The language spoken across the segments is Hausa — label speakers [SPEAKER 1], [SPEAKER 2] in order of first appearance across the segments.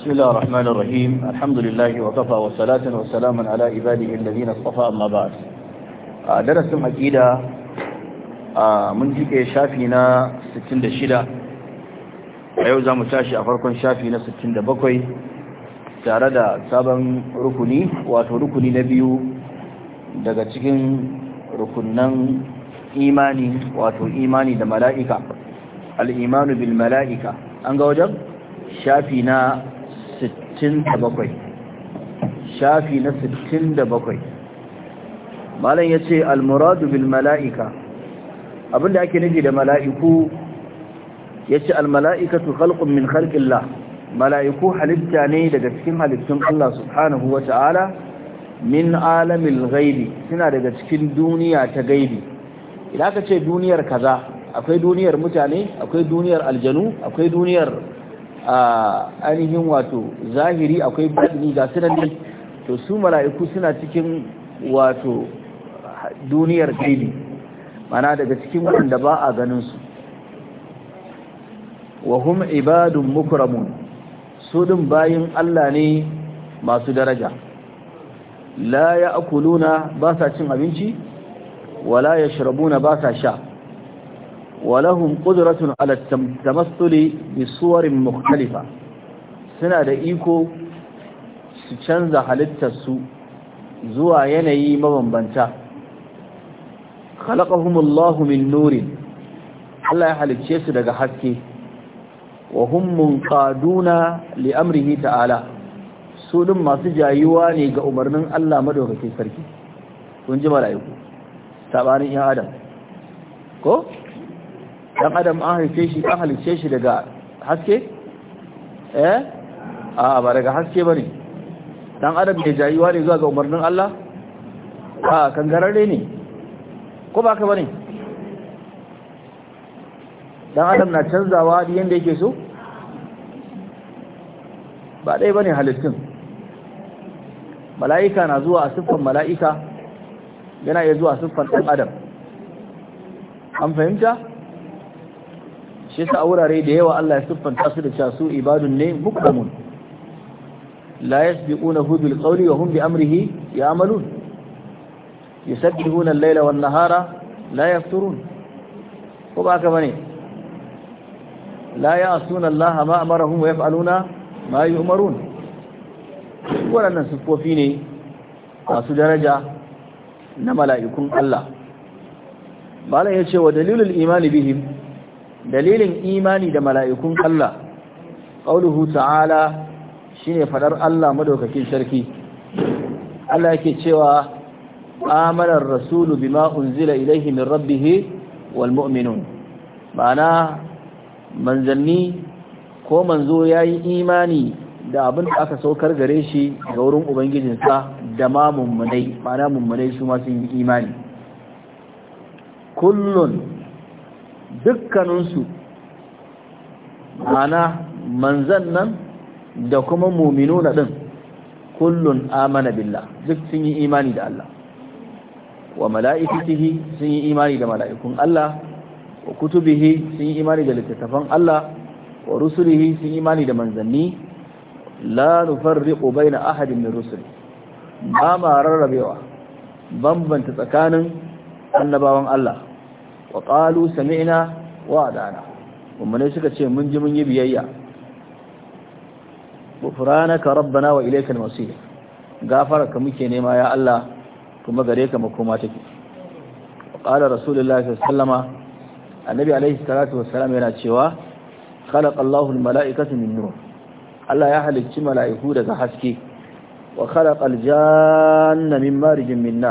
[SPEAKER 1] بسم الله الرحمن الرحيم الحمد لله وكفى وصلاة وسلام على عباده الذين اصطفى أما بعد درس أكيدا من جيك شافينا 66 ويوزا متاشي أفركم شافينا 67 tare da sabon rukuni wato rukuni na biyu daga cikin rukunan imani wato imani da mala'ika al'imanu bil mala'ika an ga wajen shafi na 67 shafi na 67 malam yace al-muradu bil mala'ika abinda ake nufi da mala'iku yace al-mala'ikatu khalqun min khalqillah mala'iku halitta ne daga cikin halittun Allah subhanahu wata'ala min alamil ghaibi suna daga cikin duniya ta gaibi idan ka ce duniyar kaza akwai duniyar mutane akwai duniyar aljanu akwai duniyar a ainihin wato zahiri akwai batini ga sunan to su mala'iku suna cikin wato duniyar gaili mana daga cikin wanda ba a ganin su wa hum ibadun mukramun su din bayin Allah ne masu daraja la ya'kuluna ba sa cin abinci wala yashrabuna ba sa sha walahum qudratun ala tamassuli bi suwarin suna da iko su canza halittar su zuwa yanayi mabambanta khalaqahumullahu min nurin Allah ya halicce su daga haske wa hum munqaduna li amrihi ta'ala su din masu jayuwa ne ga umarnin Allah madaukakin sarki kun ji mala'iku sabanin yan adam ko dan adam an halice shi an halice shi daga haske eh a ba daga haske bane dan adam da jayuwa ne zuwa ga umarnin Allah a kangararre ne ko ba ka bane dan adam na canzawa yanda yake so ba dai bane halittun mala'ika na zuwa a siffar mala'ika yana iya zuwa siffar ɗan adam an fahimta shi sa a wurare da yawa Allah ya siffanta su da casu ibadun ne mukramun la yasbiqunahu bil qawli wa hum bi amrihi ya'malun yusabbihuna al-layla wan nahara la yafturun ko ba ka bane la ya'suna Allah ma amarahum wa yaf'aluna ma yu'marun wannan siffofi ne masu daraja na mala'ikun Allah malam ya ce wa dalilul imani bihim dalilin imani da mala'ikun Allah qauluhu ta'ala ne faɗar Allah madaukakin sarki Allah yake cewa Amanar Rasulu rasulu bima zila ilaihi min rabbih wal mu'minun ma'ana manzanni ko manzo ya yi imani da abin da aka saukar gare shi ga wurin ubangijinsa da ma mummunai ma'ana mummunai su masu yi imani kullun dukkaninsu ana manzan nan da kuma muminu na ɗin kullun amana billah duk sun yi imani da Allah wa mala'ikatihi sun yi imani da mala'ikun Allah wa kutubihi sun yi imani da littattafan Allah wa rusulihi sun yi imani da manzanni la nufarriqu baina ahadin min rusuli ba ma rarrabewa bambanta tsakanin annabawan Allah wa qalu sami'na wa adana ummane suka ce mun ji mun yi biyayya ka rabbana wa ilaykal masir gafaraka muke nema ya Allah kuma gare ka makoma take qala rasulullahi sallallahu alaihi annabi alaihi salatu wassalam yana cewa khalaqallahu almala'ikata min nur Allah ya halicci mala'iku daga haske wa khalaqal janna min marijin min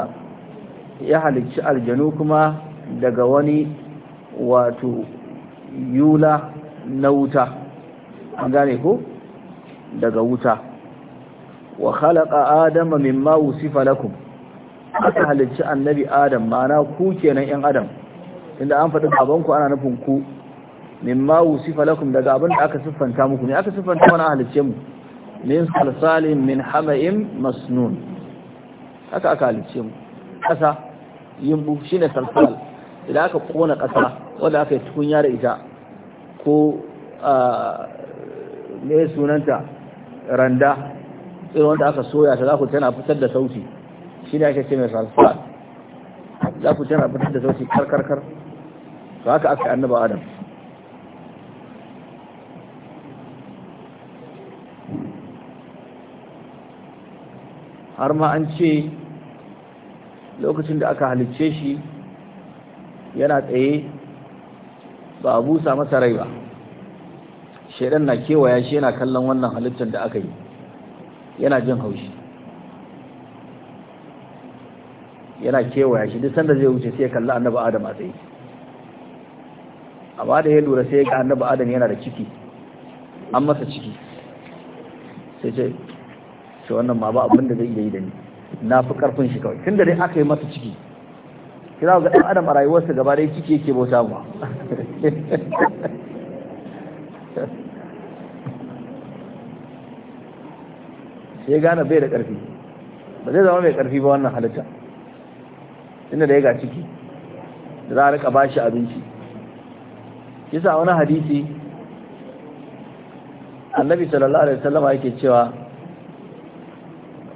[SPEAKER 1] ya halicci aljanu kuma daga wani wato yula na wuta an gane ko daga wuta wa khalaqa adama mimma wusifa lakum aka halicci annabi adam ma'ana ku kenan yan adam inda an faɗi ku ana nufin ku mimma wusifa lakum daga abin da aka siffanta muku ne aka siffanta mana halicce mu min salsalin min hama'in masnun haka aka halicce mu ƙasa yimbu shine salsal idan aka kona ƙasa wanda aka yi tukunya da ita ko ne sunanta randa ɗin wanda aka soya ta za ku tana fitar da sauti shi ne ake ce mai salfa za ku tana fitar da sauti karkarkar to haka aka annaba adam har ma an ce lokacin da aka halicce shi yana tsaye ba a busa masa rai ba shaidan na kewaya shi yana kallon wannan halittar da aka yi yana jin haushi yana kewaya shi duk sanda zai wuce sai ya kalli annabi adam a tsaye amma da ya lura sai ga annabi adam yana da ciki an masa ciki sai ce shi wannan ma ba abin da zai yi da ni na fi karfin shi kawai tun da dai aka yi masa ciki kira ga ɗan adam a rayuwarsa gaba dai ciki yake bauta ma sai gane bai da ƙarfi ba zai zama mai ƙarfi ba wannan halitta inda da ya ga ciki da za a rika ba shi abinci kisa wani hadisi annabi sallallahu alaihi wasallam yake cewa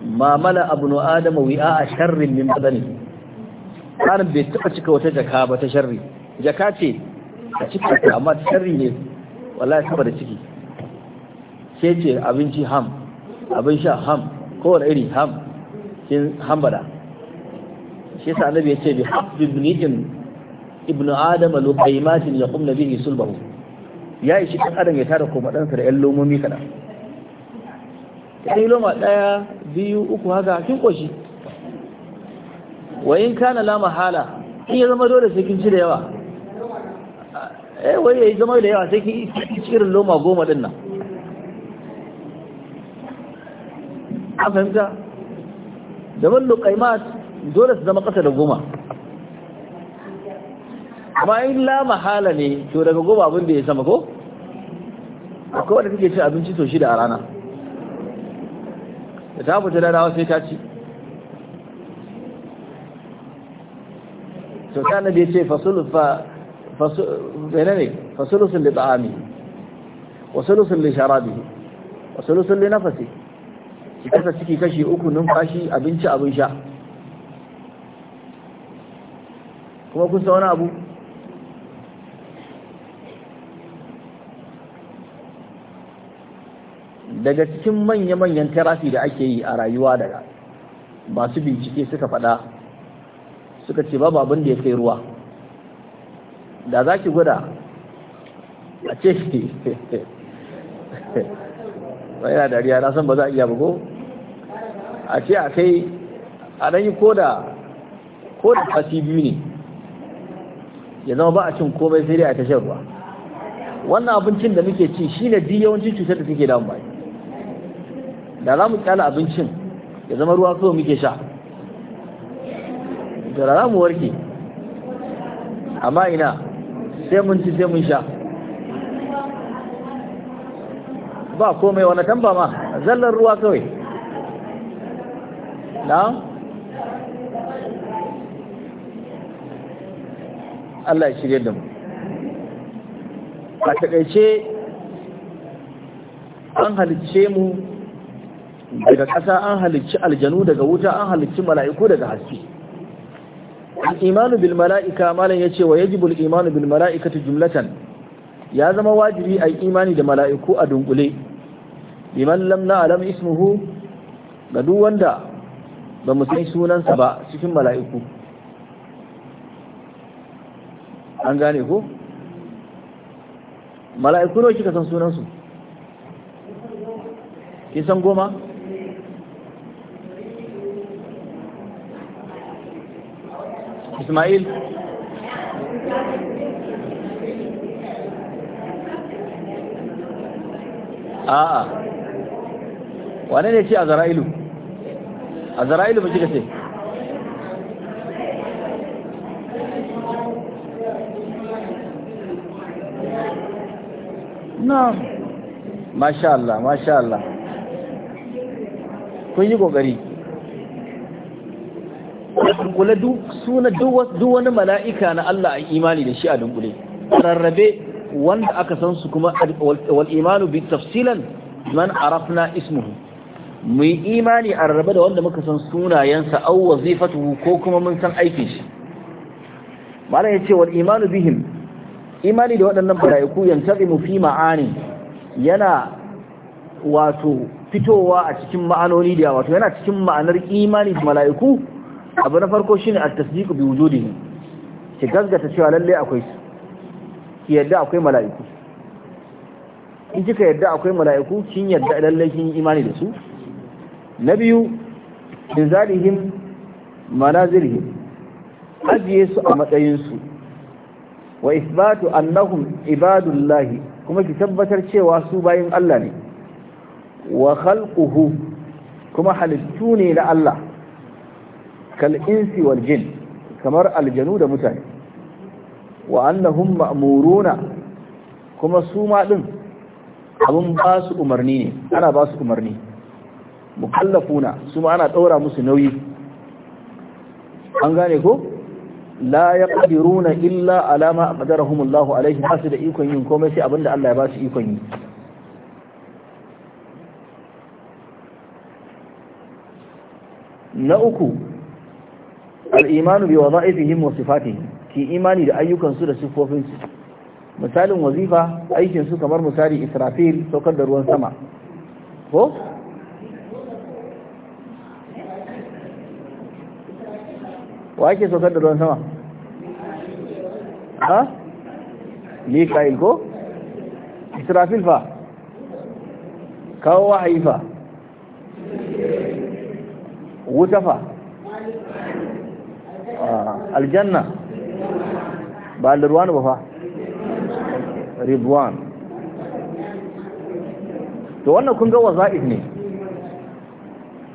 [SPEAKER 1] ma mala abnu adama wi'a sharrin min badani jarin bai taba cika wata jaka ba ta sharri jaka ce a cika ta amma ta sharri ne wallahi saboda ciki sai ce abinci ham abin sha ham kowane iri ham kin hambada shi yasa annabi ya ce bi hafi ibnitin ibn adam luqaymatin yaqum bihi sulbahu ya ishi kan adam ya tara koma sa da ƴan lomomi kaɗan. ya yi loma ɗaya biyu uku haka kin koshi wa in kana la mahala in ya zama dole sai kin ci da yawa eh wai ya zama da yawa sai kin ci irin loma goma din nan a fahimta zaman luqaimat dole su zama kasa da goma amma in la mahala ne to daga goma abin da ya sama ko akwai wanda kake cin abinci to shi da a rana da ta fita da rawa sai ta ci to sai annabi ya ce fasul fa menene fasulusun li ta'ami wa sulusun sharabi wa sulusun na fasi. ki kasa ciki kashi uku numfashi abinci abin sha kuma kun sauna abu daga cikin manya-manyan tarafi da ake yi a rayuwa daga masu bincike suka faɗa suka ce babu abin da ya kai ruwa da za ki gwada a ce yana dariya na san ba za a iya bugo a ce a kai a ɗan yi ko da fasi biyu ne ya zama ba a cin komai sai dai a tashar ruwa wannan abincin da muke ci shine duk yawancin cutar da suke damu bai da za mu kyala abincin ya zama ruwa kawai muke sha turara mu warke amma ina sai mun ci sai mun sha ba komai wani tamba ma zallar ruwa kawai na Allah ya shirye da mu a takaice an halicce mu daga ƙasa an halicci aljanu daga wuta an halicci mala'iku daga haske imanu bil مالا malam ويجب wa yajibu al يا زما jumlatan ya zama wajibi yi imani da mala'iku a dunkule liman lam na'lam cikin mala'iku an gane ko mala'iku ne kika san sunansu kisan goma Ismail a'a wane ne ce azra'ilu azra'ilu ba kika ce na kun yi kokari dunkule duk suna duk wani mala'ika na Allah a imani da shi a dunkule rarrabe wanda aka san su kuma wal imanu bi tafsilan man arafna ismuhu mu yi imani a rarrabe da wanda muka san sunayensa aw wazifatuhu ko kuma mun san aikin shi malam yace wal imanu bihim imani da waɗannan mala'iku yantazimu fi ma'ani yana wato fitowa a cikin ma'anoni da wato yana cikin ma'anar imani da mala'iku abu na farko shine a tasdiku bi ne. ki gasgata cewa lalle akwai su ki yadda akwai mala'iku in kika yadda akwai mala'iku kin yadda lalle kin imani da su na biyu zalihim manazilihim ajiye su a matsayin su wa isbatu annahum ibadullahi kuma ki tabbatar cewa su bayin Allah ne wa khalquhu kuma halittu ne na Allah kal insi kamar aljanu da mutane wa annahum ma'muruna kuma suma ɗin abin abun ba su umarni ne ana ba su umarni mukallafuna su ma ana ɗaura musu nauyi an gane ko la yaqdiruna illa alama ma qadarahum Allah alaihi basu da ikon yin komai sai abinda Allah ya basu su ikon yi na uku al'imanu bi wadha'ifihim wa sifati ki imani da ayyukansu da siffofinsu misalin wazifa aikinsu kamar misali israfil saukar da ruwan sama ko wa ake saukar da ruwan sama ha mika'il ko israfil fa kawo wahayi fa wuta fa Ah, aljanna ba alirwan ba fa Ribwan. to wannan kun ga waza'id ne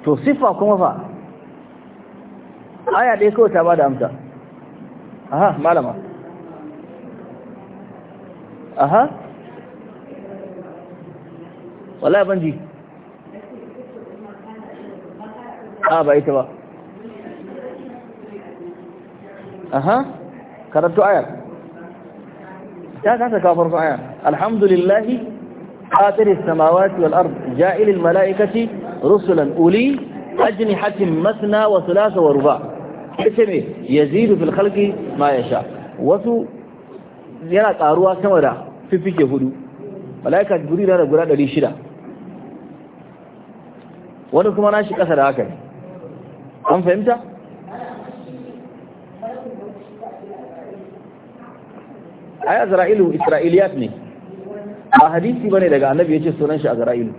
[SPEAKER 1] to sifa kuma fa aya ɗaya kawai ta bada amsa aha malama aha wala ban ji a ah, ba ita ba aha karatu ayar ta kasa kawo farkon ayar alhamdulillahi fatir samawati wal ard ja'il malaikati rusulan uli ajnihatin masna wa thulatha wa ruba yace me yazidu fil khalqi ma wasu yana karuwa sama da fifike hudu malaika guri da guda shida wani kuma nashi ƙasa da haka an fahimta
[SPEAKER 2] ai azra'ilu isra'iliyat
[SPEAKER 1] ne A hadisi bane daga annabi yace sunan shi azra'ilu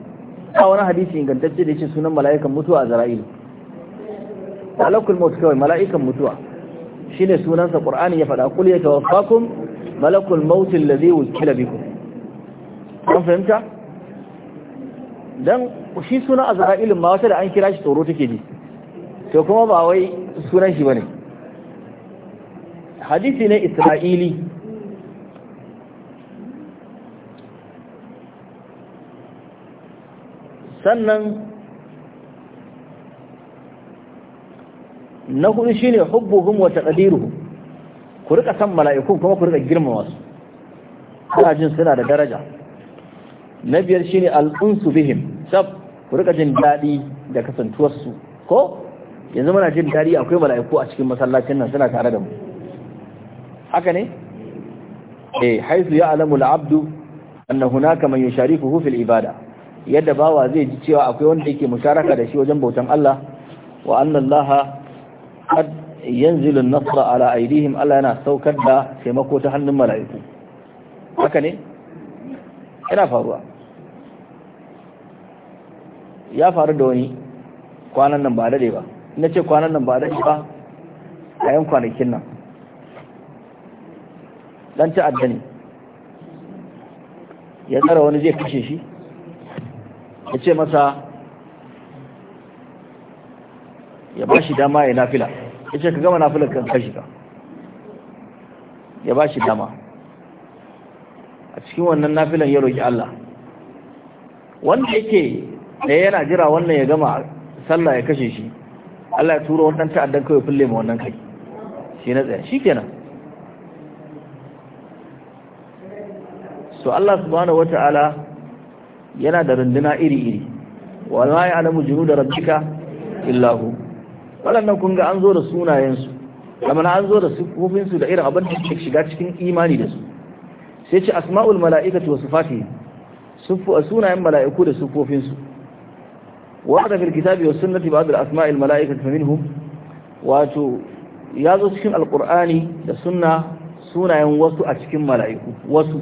[SPEAKER 1] A wani hadisi ingantacce da yace sunan mala'ikan mutuwa azra'ilu malakul maut kawai mala'ikan mutuwa shine sunansa qur'ani ya faɗa kul yatawaffakum malakul maut alladhi wukila bikum kun fahimta dan shi sunan azra'ilu ma wata da an kira shi tsoro take ji to kuma ba wai sunan shi bane hadisi ne isra'ili sannan na hudu shine hubbuhum wata taqdiruhum ku rika san mala'ikun kuma ku rika girmama su kuna jin suna da daraja na biyar shine al'unsu bihim sab ku rika jin daɗi da kasantuwar su ko yanzu muna jin daɗi akwai mala'iku a cikin masallacin nan suna tare da mu haka ne eh alamu la'abdu, al'abdu anna hunaka man yusharifuhu fil ibada yadda bawa zai ji cewa akwai wanda yake musharaka da shi wajen bautan Allah wa annallaha qad yanzilu an-nasra ala aydihim Allah yana saukar da taimako ta hannun mala'iku haka ne Ina faruwa ya faru da wani kwanan nan ba dai ba Ina ce kwanan nan ba dade ba a yan kwanakin nan dan ta'adda ne ya tsara wani zai kashe shi ya ce masa ya ba shi dama ya nafila ya ce ka gama nafilar kan kashi ka ya ba shi dama a cikin wannan nafilan ya roƙi Allah wanda yake da yana jira wannan ya gama sallah ya kashe shi Allah ya tura wannan ta'addan kawai fulle ma wannan kai shi na tsaye kenan so Allah subhanahu ta'ala. yana da runduna iri-iri wala ya alamu jinu da rabbika illahu wadannan kun ga an zo da sunayensu kamar an zo da sifofinsu da irin abin da ke shiga cikin imani da su sai ce asma'ul mala'ikatu wa sifati sunayen mala'iku da sifofinsu wa hada fil kitabi wa sunnati ba'd al asma'il mala'ikatu minhum wato ya zo cikin alqur'ani da sunna sunayen wasu a cikin mala'iku wasu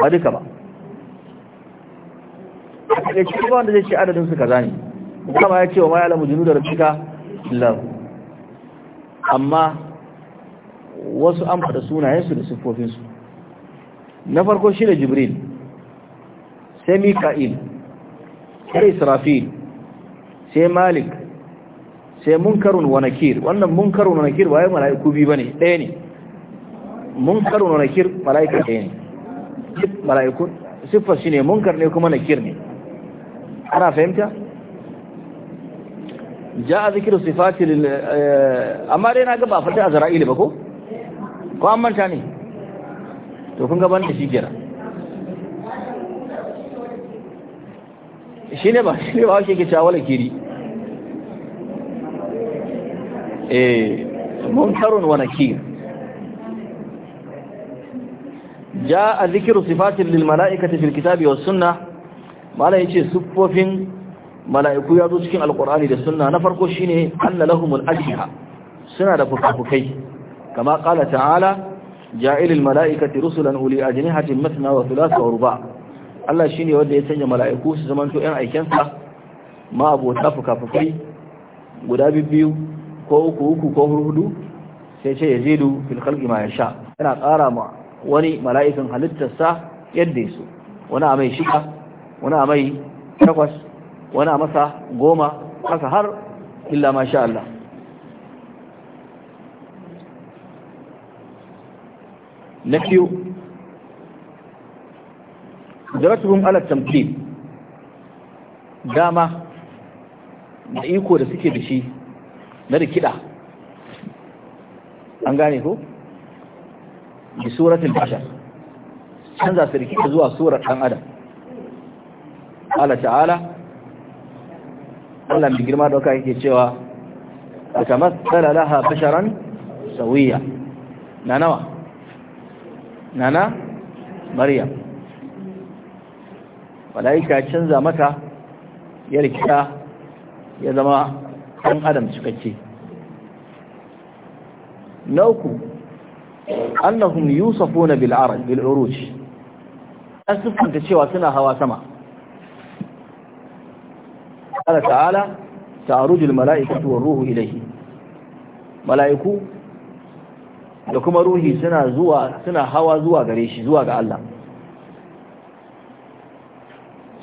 [SPEAKER 1] ba duka ba ya cikin ba wanda zai ce adadin su kaza ne kuma ya ce wa mai alamu junu da rabbika illa amma wasu an faɗa sunayensu da siffofinsu na farko shi da jibril sai mika'il sai israfil sai malik sai munkarun wa nakir wannan munkarun wa nakir ba ya mala'iku biyu ba ne ɗaya ne munkarun wa nakir mala'ika ɗaya ne mala'ikun siffar shi ne munkar ne kuma nakir ne ana fahimta ja a zikiru sifati eh, amma dai na ga ba fata azra'il ba ko ko an manta ne to kun gaban da shi kenan shi ne ba shi ne ba shi ke cewa kiri eh munkarun wa nakir jaa dhikru sifatin lil malaikati fil kitabi was sunnah mala yace siffofin mala'iku ya zo cikin alqur'ani da sunna na farko shine anna lahumul ajniha suna da fukafukai kama qala ta'ala ja'ilul mala'ikati rusulan uli ajnihatin mathna wa thulatha wa ruba' Allah shine wanda ya sanya mala'iku su zamanto ƴan aikensa ma abota fukafukai guda biyu ko uku uku ko hudu sai ce yazidu fil khalqi ma yasha yana ƙara ma wani mala'ikan halittarsa yadda yaso wani a mai shiga wani a mai takwas wani a masa goma kasa har illa masha Allah na biyu daratuhum alat tamthil dama da iko da suke da shi na rikida, an gane ko bi suratul bashar canza su rikida zuwa surar ɗan adam ta'ala ta'ala Allah mai girma dauka yake cewa atamassala laha basharan sawiya nana wa nana maryam malaika canza mata ya rikita ya zama ɗan adam cikakke na uku annahum yusufuna bil araj bil uruj an siffanta cewa suna hawa sama قال تعالى تعرج الملائكة والروح إليه ملائكو da kuma ruhi suna hawa zuwa gare shi zuwa ga Allah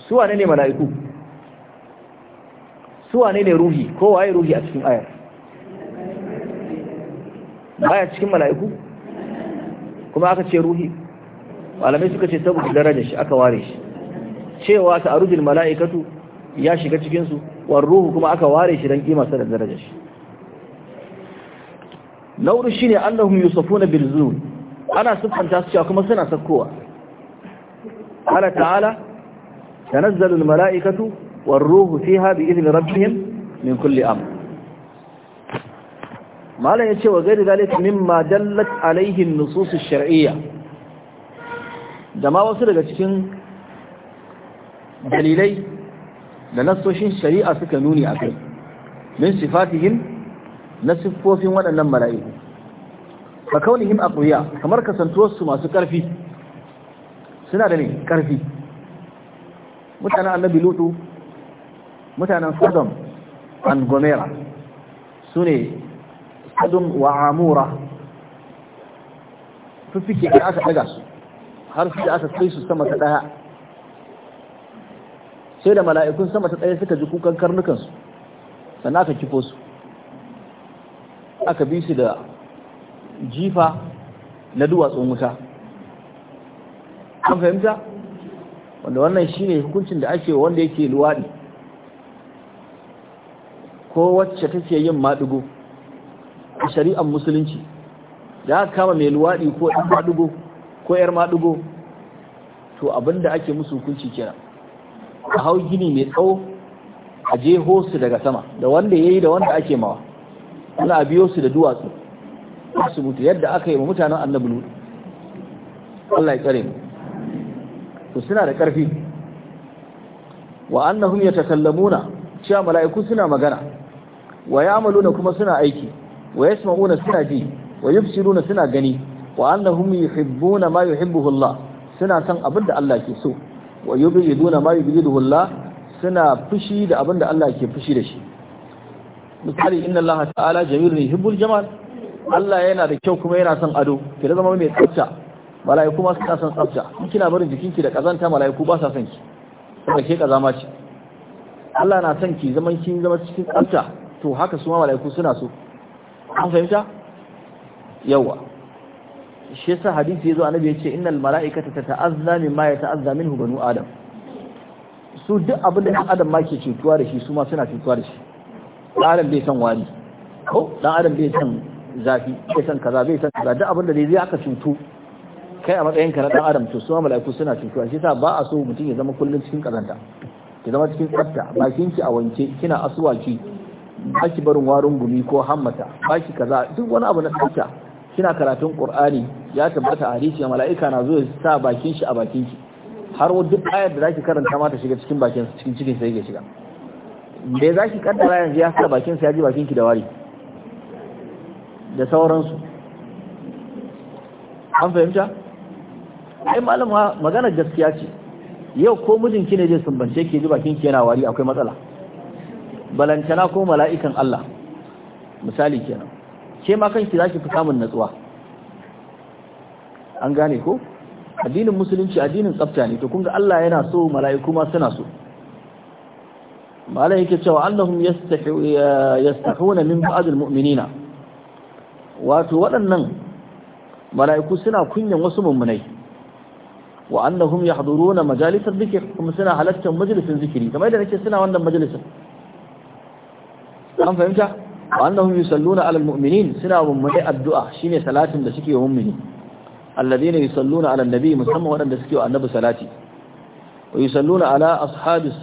[SPEAKER 1] su wane ne mala'iku su wane ne ruhi ko waye ruhi a cikin ayar baya cikin mala'iku kuma aka ce ruhi malamai suka ce saboda darajar shi aka ware shi cewa ta arujul mala'ikatu ya shiga cikinsu warruhu kuma aka ware shi don kimarsa da darajar shi nauru shi shine allahun Yusuf na zul ana siffanta su cewa kuma suna sakkowa qala ta'ala tanazzalu al mala'ikatu warruhu ruhu fiha bi idhni rabbihim min kulli Malam ya ce wa gaida zalika mimma dallat alaihin nususu nusus ash da ma wasu daga cikin dalilai da nassoshin shari'a suka nuni a kai min sifatihim na siffofin waɗannan mala'iku ka kaunihim a ƙuriya kamar kasantuwarsu masu ƙarfi suna da ne ƙarfi mutanen annabi lutu mutanen sodom and gomera su ne sodom wa amura fiffike da aka ɗaga su har su da aka kai su sama ta ɗaya sai da mala'ikun sama ta tsaye suka ji kukan karnukansu sannan aka kifo su aka bi su da jifa na duwatsun wuta an fahimta wanda wannan shi ne hukuncin da ake wanda yake luwaɗi ko wacce take yin maɗigo a shari'ar musulunci da aka kama mai luwaɗi ko ɗan maɗigo ko ‘yar maɗigo to abinda ake musu hukunci kira. a hau gini mai tsawo a jeho su daga sama da wanda ya yi da wanda ake mawa ana a biyo su da duwatsu su mutu yadda aka yi wa mutanen annabi Allah ya tsare su suna da ƙarfi wa annahum yatakallamuna cewa mala'iku suna magana wa ya'maluna kuma suna aiki wa ya suna ji wa yubsiruna suna gani wa annahum yuhibbuna ma yuhibbuhu Allah suna san abin da Allah ke so wa duna ma yubghiduhu Allah suna fushi da abin da Allah ke fushi da shi misali inna Allah ta'ala ne, yuhibbul jamal Allah yana da kyau kuma yana son ado ki da zama mai tsafta mala'iku ma suna son tsafta in kina barin jikinki da kazanta mala'iku ba sa son ki saboda ke kazama ce Allah na son ki zaman kin zama cikin tsafta to haka su ma mala'iku suna so an fahimta yawa shi yasa hadisi yazo annabi yace innal mala'ikata tata'azza mimma yata'azza minhu banu adam su duk abin da adam ma ke cutuwa da shi su ma suna cutuwa da shi dan adam bai san wari ko dan adam bai san zafi bai san kaza bai san kaza duk abin da zai aka cutu kai a matsayin ka na dan adam to su ma mala'iku suna cutuwa shi yasa ba a so mutum ya zama kullum cikin kazanta ki zama cikin tsafta bakin ki a wanke kina asuwaki ba ki barin warin gumi ko hammata ba ki kaza duk wani abu na tsafta kina karatun qur'ani ya tabbata a hadisi mala'ika na zo sa bakin shi a bakin ki har duk ayar da zaki karanta ma ta shiga cikin bakin cikin cikin sai ke shiga da zaki kaddara yanzu ya sa bakin sa ya ji bakin ki da wari da sauransu an fahimta ai malama maganar gaskiya ce yau ko mijinki ne zai sumbance ki ji bakin ki yana wari akwai matsala balantana ko mala'ikan Allah misali kenan ke ma kanki za ki fi samun natsuwa an gane ko addinin musulunci addinin tsafta ne to kun ga Allah yana so mala'iku ma suna so malai ce wa annahum yastahuna min ba'd almu'minina wato waɗannan mala'iku suna kunyan wasu mummunai wa annahum yahduruna majalisar dhikr kuma suna halartar majalisin zikiri kamar da nake suna wannan majalisin an fahimta wa annahum yusalluna alal mu'minin suna mummuni addu'a shine salatin da suke wa mummuni alladhina yusalluna ala nabi musamman wadanda suke wa annabi salati wa yusalluna ala as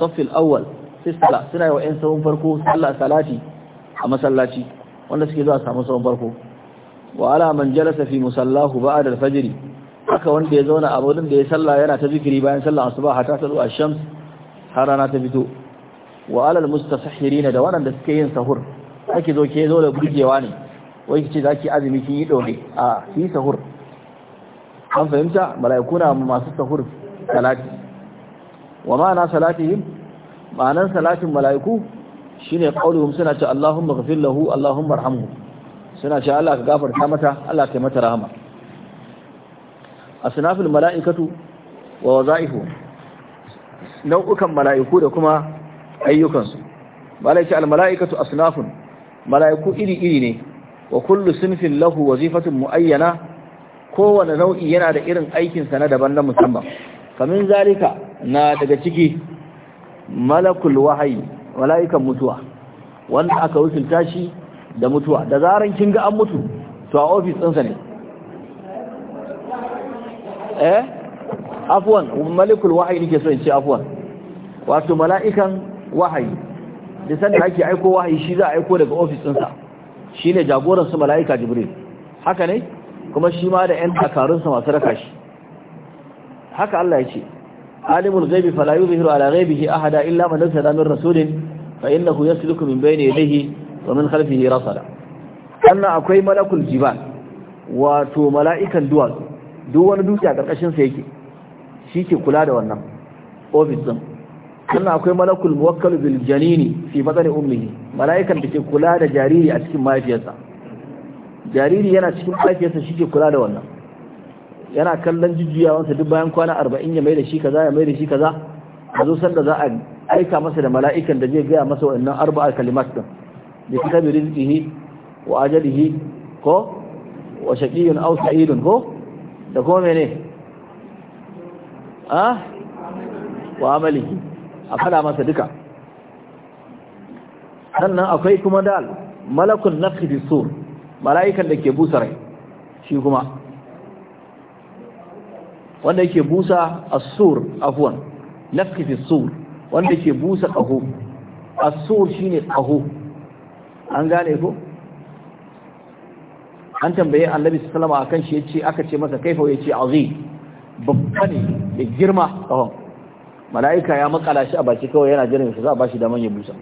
[SPEAKER 1] saff al-awwal sala suna wa ƴan sawun farko sallah salati a masallaci wanda suke zuwa samu sawun farko wa ala man jalasa fi musallahu ba'da al-fajr haka wanda ya zauna a wurin da ya salla yana ta zikiri bayan sallar asuba hata ta zuwa shams har rana ta fito wa ala al-mustasahhirin da waɗanda suke yin sahur ake zo ke zo da burgewa ne wai ki ce za ki azumi kin yi ɗore a yi sahur an fahimta mala'iku na masu sahur salati wa ma'ana salatihim ma'anar salatin mala'iku shine qauluhum suna ce Allahumma ghfir lahu Allahumma arhamhu suna ce Allah ka gafarta mata Allah ka mata rahama asnafil mala'ikatu wa wazaihu nau'ukan mala'iku da kuma ayyukansu malaikai al mala'ikatu asnafun mala'iku iri-iri ne wa kullu sinfin lahu wazifatun mu'ayyana kowane nau'i yana da irin aikinsa na daban na musamman kamin zalika na daga ciki malakul wahayi mala'ikan mutuwa wanda aka wusulta shi da mutuwa da zaran kin ga an mutu to a ofis ɗinsa ne eh afwan malakul wahayi nake so in ce afwan wato mala'ikan wahayi da sanda ake aiko wahayi shi za a aiko daga ofis ɗinsa shi ne jagoran mala'ika jibril haka ne kuma shi ma da 'yan takarunsa masu raka shi haka Allah ya ce alimul ghaibi fala yuzhiru ala ghaibihi ahada illa man nazala min rasulin fa innahu yasluku min bayni yadihi wa min khalfihi rasala anna akwai malakul jibal wato mala'ikan duwatsu duk wani dutse a karkashin sa yake shi ke kula da wannan ofis ɗin sannan akwai malakul muwakkal bil janini fi batni ummihi malaikan da ke kula da jariri a cikin mahaifiyarsa jariri yana cikin mahaifiyarsa shi ke kula da wannan yana kallon jujjuyawansa duk bayan kwana arba'in ya mai da shi kaza ya mai da shi kaza a zo sanda za a aika masa da mala'ikan da zai gaya masa wa'annan arba'a kalimat din bi kitabi rizqihi wa ajalihi ko wa shaqiyun aw sa'idun ko da kuma menene ah wa amalihi a fada masa duka sannan akwai kuma dal malakun nafsi bisur mala'ikan da ke busa rai shi kuma wanda yake busa asur afwan nafsi sur wanda yake busa qahu asur shine qahu an gane ko an tambaye annabi wasallam akan shi yace aka ce masa kaifa yace azim babba ne da girma qahon mala'ika ya makala shi a baki kawai yana jiran shi za a bashi daman ya busa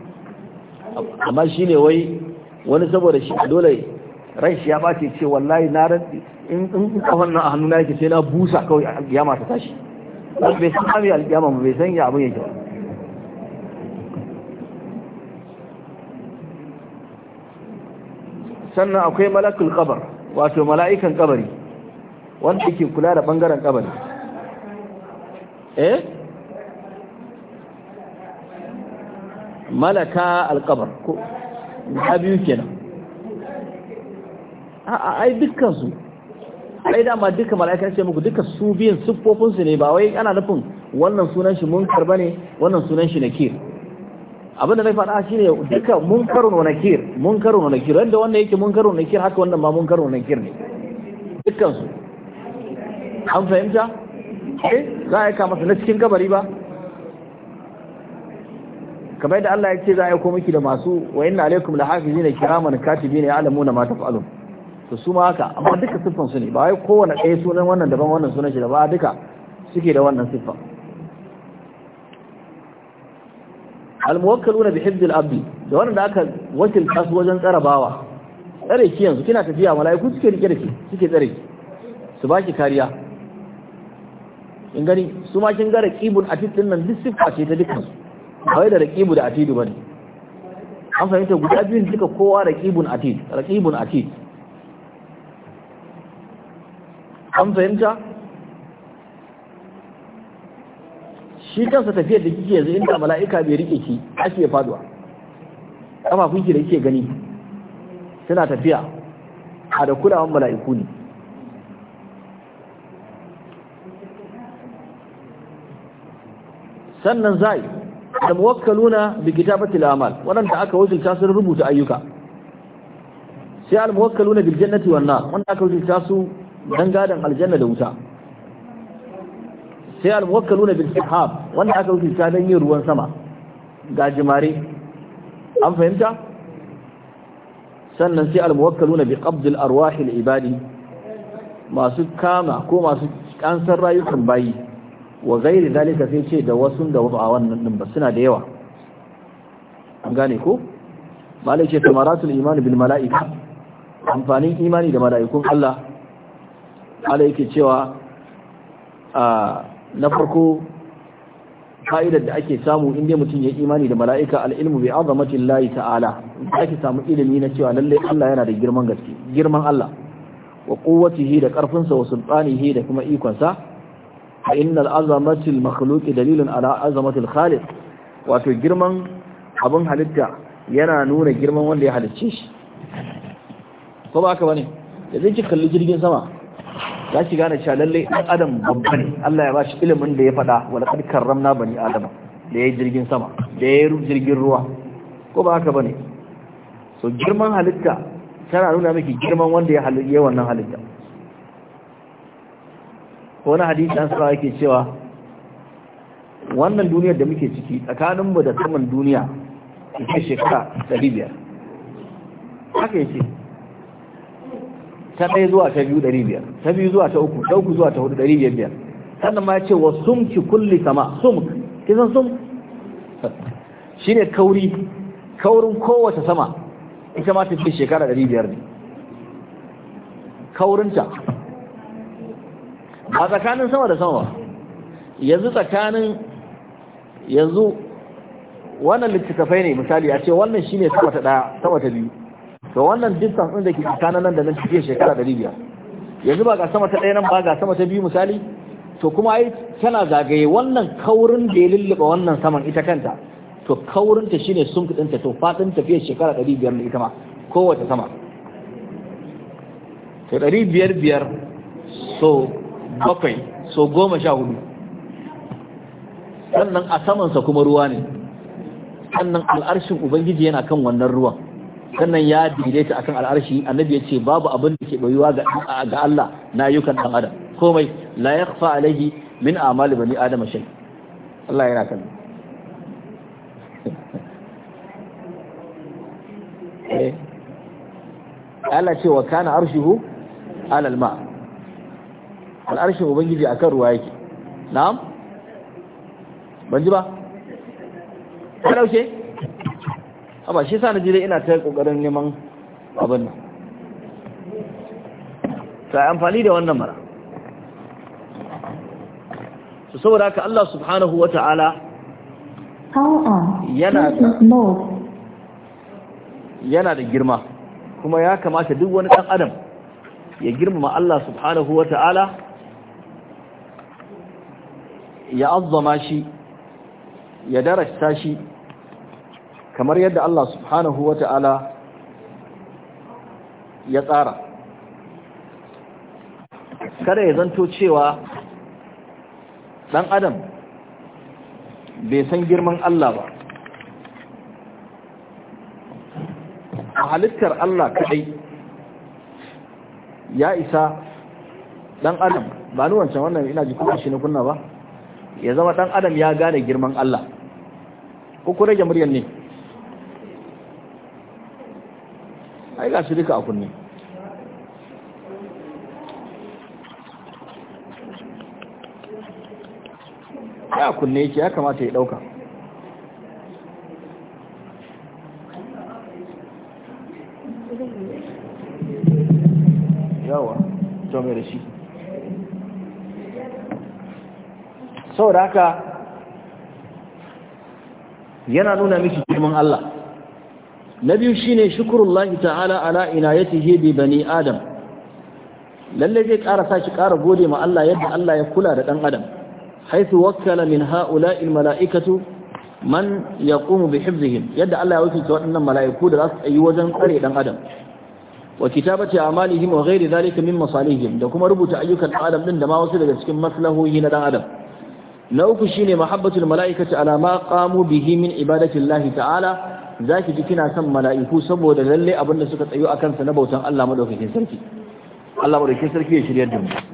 [SPEAKER 1] amma shi ne wai wani saboda shi a dole rai shi ya bace ce wallahi na rantsi in in kafan nan a hannu na yake sai na busa kawai alƙiyama ta tashi wani bai san abin alƙiyama ba bai san ya abin yake sannan akwai malakul kabar wato mala'ikan kabari wanda ke kula da bangaren kabari
[SPEAKER 2] eh malaka
[SPEAKER 1] alkabar ko na biyu kenan a ai dukkansu ai dama duka mala'ika ce muku duka su biyan siffofinsu ne ba wai ana nufin wannan sunan shi munkar bane wannan sunan shi nakir abinda zai faɗa shine duka munkarun wa nakir munkarun wa nakir wanda wannan yake munkarun wa nakir haka wannan ma munkarun wa nakir ne dukkansu an fahimta eh za a kama su na cikin kabari ba kamar da Allah ya ce za a aiko miki da masu wa inna alaikum hafizina kiraman katibina ya'lamuna ma taf'alun to su ma haka amma duka siffan su ne ba wai kowane ɗaya sunan wannan daban wannan sunan shi da ba duka suke da wannan al almuwakkaluna bi hibdil abdi da wanda aka wakilta su wajen tsarabawa tsare ki yanzu kina tafiya mala'iku suke rike da ki suke tsare ki su baki kariya in gani su ma kin gara kibun atit din nan duk siffa ce ta dukkan su kawai da raƙibu da atidu bane an fahimta guda biyun suka kowa raƙibun atid raƙibun atid an fahimta shi kansa tafiyar da kike yanzu inda mala'ika bai rike ki ake faduwa ki da kike gani suna tafiya a da kulawan mala'iku ne sannan zai da muwakkaluna bi kitabati al-amal wanda aka wakilta su rubuta ayyuka sai al-muwakkaluna bil jannati wan nar wanda aka wakilta su dan gadan aljanna da wuta sai al-muwakkaluna bil sahab wanda aka wakilta dan yin ruwan sama ga jimare an fahimta sannan sai al-muwakkaluna bi qabd al-arwah ibadi masu kama ko masu kansar rayukan bayi wa gairi zalika sai ce da wasu da wasu a wannan din ba suna da yawa an gane ko malai ce samaratul imani bil mala'ika amfanin imani da mala'ikun Allah Ala yake cewa na farko fa'idar da ake samu inda mutum ya imani da mala'ika al'ilmu bi azamati Allah ta'ala ake samu ilimi na cewa lallai Allah yana da girman gaske girman Allah wa quwwatihi da karfinsa wa sultanihi da kuma ikonsa fa innal azamatil makhluqi dalilun ala azamatil khaliq wato girman abin halitta yana nuna girman wanda ya halicce shi ko ba haka bane da zai kalli jirgin sama za ki gane cewa lalle dan adam babba ne Allah ya ba ilimin da ya faɗa wala qad karramna bani adama da yayi jirgin sama da yayi jirgin ruwa ko ba haka bane so girman halitta tana nuna miki girman wanda ya halicce wannan halitta wani hadisi an sa yake cewa wannan duniyar da muke ciki tsakaninmu da saman duniya ke shekara 500 haka yake ta ɗaya zuwa ta biyu ɗari biyar ta biyu zuwa ta uku ta uku zuwa ta hudu ɗari biyar biyar sannan ma ya ce wa sum ki kulli sama sum kisan sum shi ne kauri kaurin kowace sama ita ma ta fi shekara ɗari biyar ne kaurinta A tsakanin sama da sama yanzu tsakanin yanzu wannan littattafai ne misali a ce wannan shi ne sama ta ɗaya, sama ta biyu to wannan distance ɗin da ke tsakanin nan da nan cikin shekara ɗari biyar yanzu ba ga sama ta ɗaya nan ba ga sama ta biyu misali to kuma ai tana zagaye wannan kaurin da ya lulluɓa wannan saman ita kanta to kaurin ta shine sun kuɗinta to faɗin tafiyar shekara ɗari biyar na ita ma kowace sama to ɗari biyar biyar so bakwai so goma sha hudu sannan a samansa kuma ruwa ne sannan al'arshin ubangiji yana kan wannan ruwan sannan ya a akan al'arshi annabi ya ce babu abin da ke bayuwa ga Allah na yukan dan adam komai la yakhfa alaihi min amali bani adam shay Allah yana kan eh. Allah ce wa kana arshuhu alal ma' al'arshin ubangiji kan ruwa yake na'am ban ji ba ka dauke amma shi sa na jire ina ta kokarin neman abin nan ta amfani da wannan mara su saboda haka Allah subhanahu wa ta'ala yana yana da girma kuma ya kamata duk wani ɗan adam ya girmama Allah subhanahu wa ta'ala ya azzama shi ya darasta shi kamar yadda Allah subhanahu wa ta'ala ya tsara kada ya zanto cewa ɗan adam bai san girman Allah ba a halittar Allah kaɗai ya isa ɗan adam ba ni wancan wannan ina ji kuma shi na kunna ba ya zama ɗan adam ya gane girman Allah ko rage muryar ne ai ga shirika a kunne
[SPEAKER 2] ya kunne yake ya kamata ya dauka
[SPEAKER 1] yawa to mai saboda haka yana nuna miki girman Allah na biyu shine shukrullahi ta'ala ala inayatihi bi bani adam lalle zai ƙara sa shi ƙara gode ma Allah yadda Allah ya kula da ɗan adam haythu wakkala min ha'ula'il mala'ikatu man yaqumu bi hifzihim yadda Allah ya wakilta waɗannan mala'iku da za su tsayi wajen tsare ɗan adam wa kitabati a'malihim wa ghairi dhalika min masalihim da kuma rubuta ayyukan adam din da ma wasu daga cikin maslahohi na ɗan adam na uku ne mahabbatul malaikaci ala ma qamu bihi min ibadatillahi ta'ala zaki ji kina son mala'iku saboda lalle abinda suka tsayo akan sa na bautan Allah madaukakin sarki Allah madaukakin sarki ya shirya da